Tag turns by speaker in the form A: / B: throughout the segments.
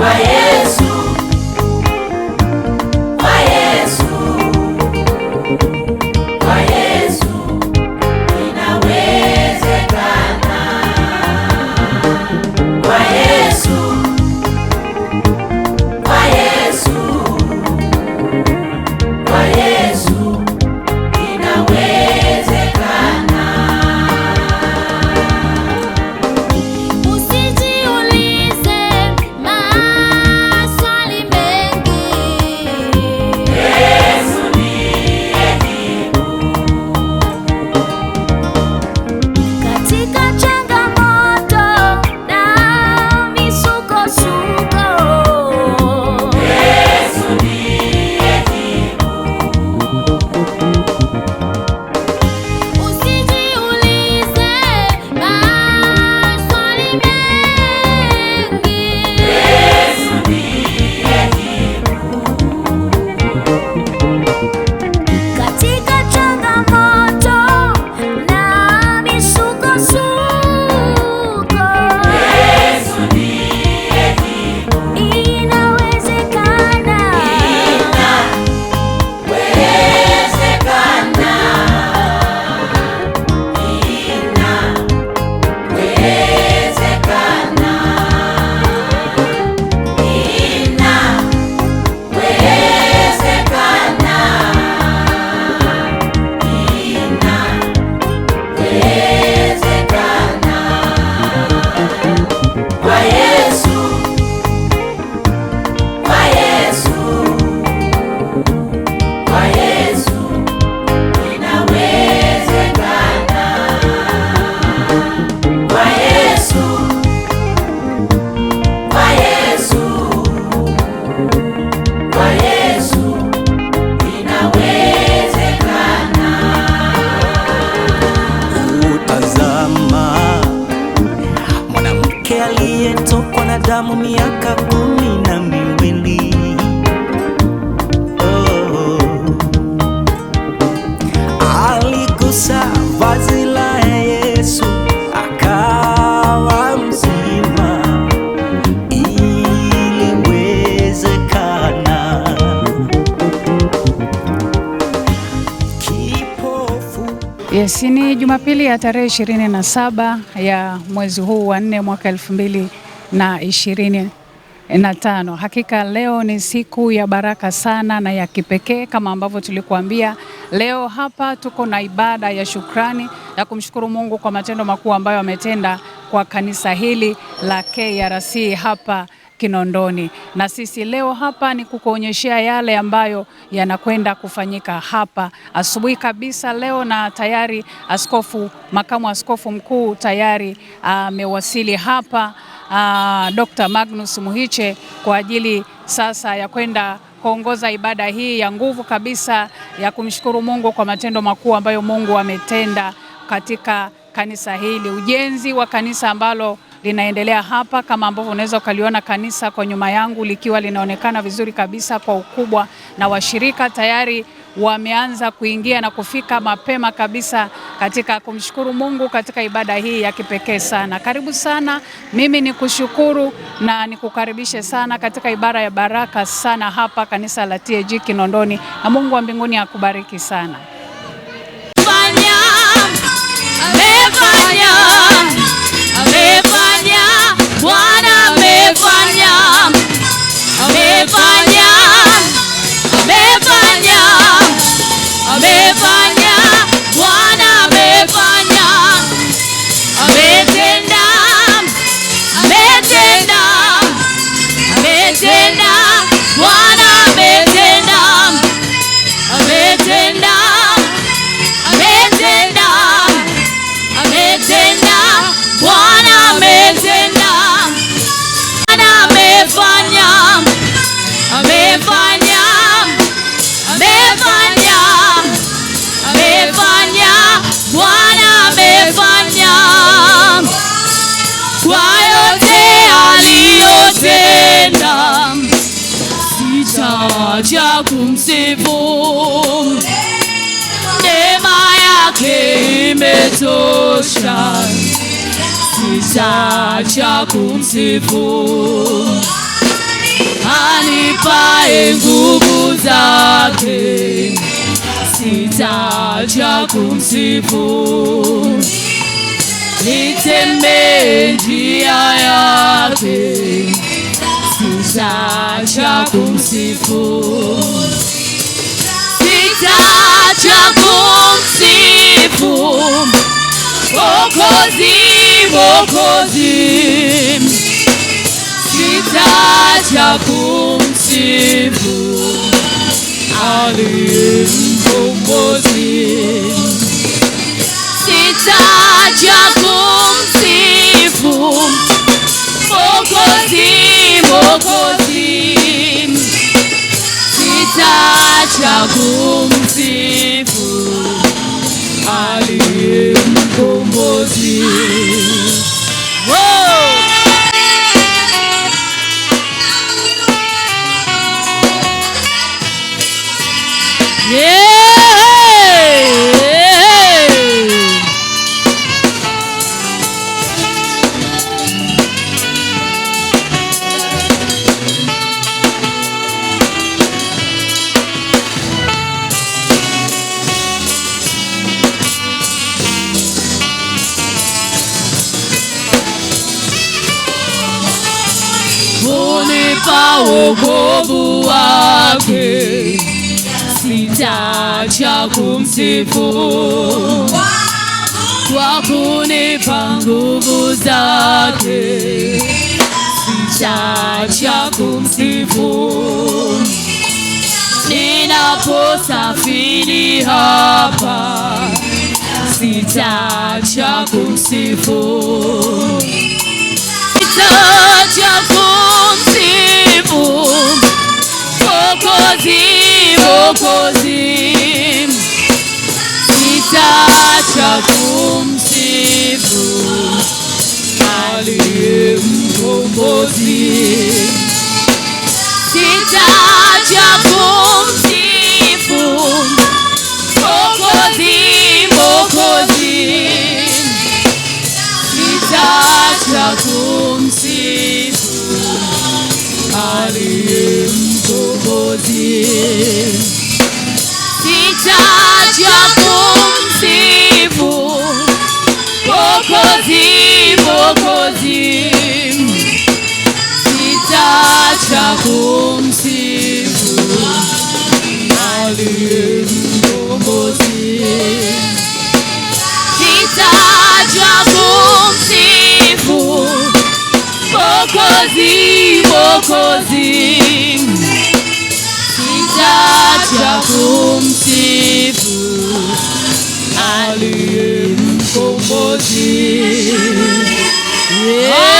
A: But yeah.
B: ya tarehe ishirini na saba ya mwezi huu wa nne mwaka elfu mbili na ishirini na tano. Hakika leo ni siku ya baraka sana na ya kipekee kama ambavyo tulikuambia. Leo hapa tuko na ibada ya shukrani ya kumshukuru Mungu kwa matendo makuu ambayo ametenda kwa kanisa hili la KRC hapa Kinondoni, na sisi leo hapa ni kukuonyeshea yale ambayo yanakwenda kufanyika hapa asubuhi kabisa leo, na tayari askofu, makamu askofu mkuu tayari ah, amewasili uh, hapa uh, ah, Dr. Magnus Muhiche kwa ajili sasa ya kwenda kuongoza ibada hii ya nguvu kabisa ya kumshukuru Mungu kwa matendo makuu ambayo Mungu ametenda katika kanisa hili, ujenzi wa kanisa ambalo linaendelea hapa, kama ambavyo unaweza ukaliona kanisa kwa nyuma yangu likiwa linaonekana vizuri kabisa kwa ukubwa, na washirika tayari wameanza kuingia na kufika mapema kabisa katika kumshukuru Mungu katika ibada hii ya kipekee sana. Karibu sana, mimi ni kushukuru na nikukaribishe sana katika ibada ya baraka sana hapa kanisa la TAG Kinondoni, na Mungu wa mbinguni akubariki sana.
C: Why? ya kumsifu, neema yake imetosha, sitaacha kumsifu, anipaye nguvu zake, sitaacha kumsifu, nitembee njia yake Pizzatia cum si fur Pizzatia cum si fur Ocozim, ocozim Pizzatia cum si fur Alim, ocozim Pizzatia cum si o Ocozim Mwokozi sitachagua Mtakatifu kwa kunipa nguvu zake, sitaacha kumsifu ninaposafiri hapa, sitaacha kumsifu, sitaacha Mwokozi, Mwokozi Kitaacha kumsifu aliye mkombozi, kitaacha Mwokozi, Mwokozi, sitaacha kumsifu aliye mkombozi yeah.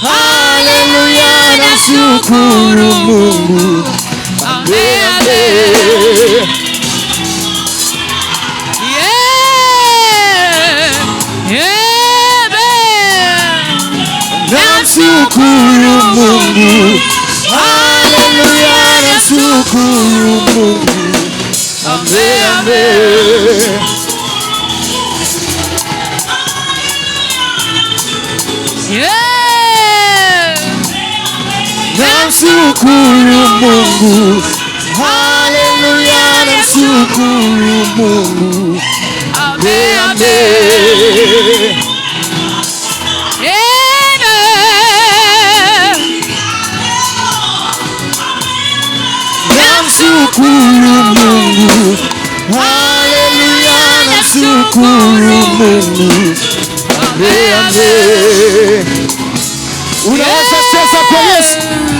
D: Haleluya, namshukuru Mungu. Amen. Mungu. Haleluya, namshukuru Mungu. Amen. Amen. mundo. Aleluia, não sucumbe o mundo. Amém, amém. Não sucumbe o mundo. Aleluia, não sucumbe o mundo. Amém, amém. Una vez acesa, pues.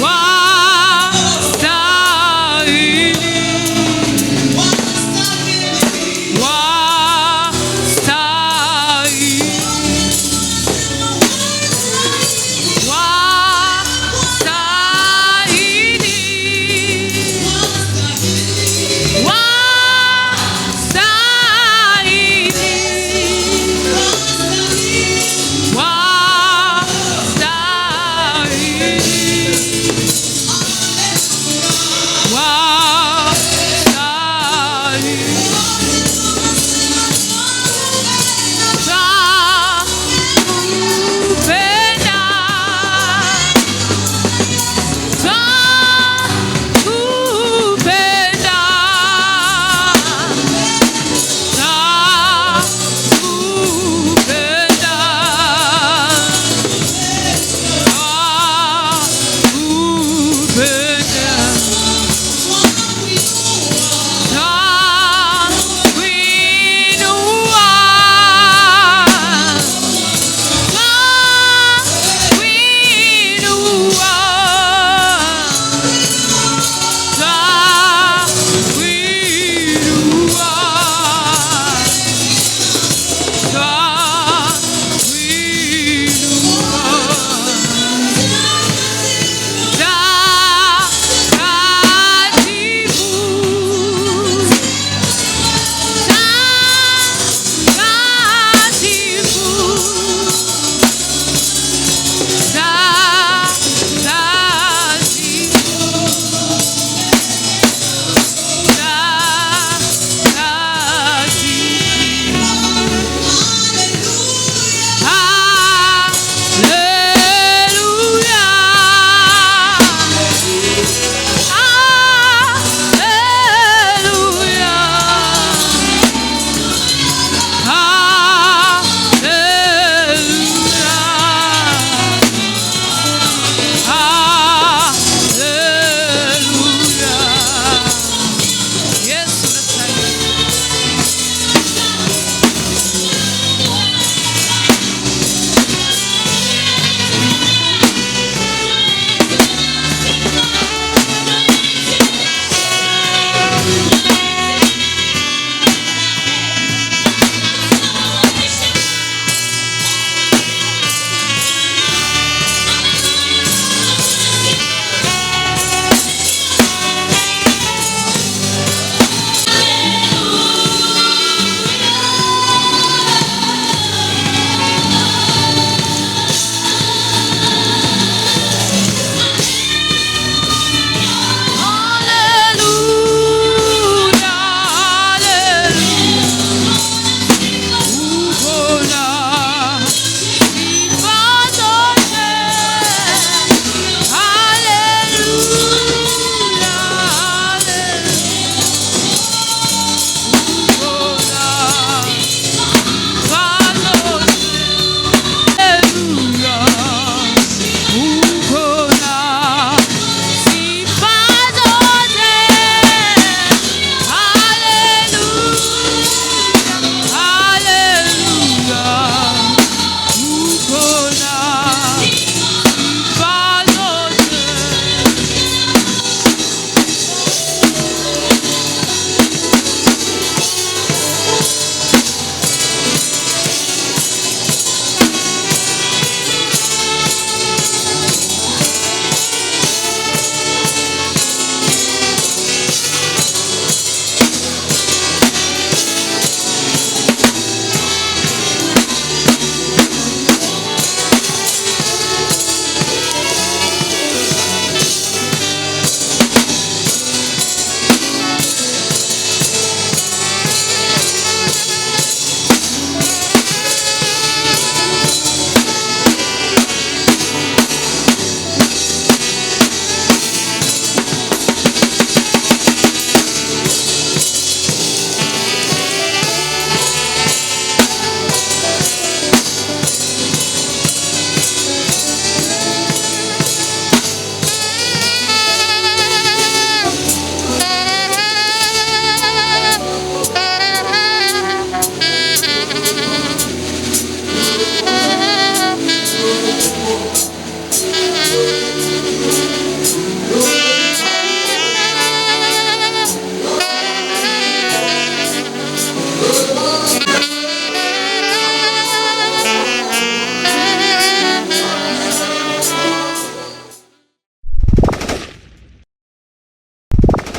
E: Why?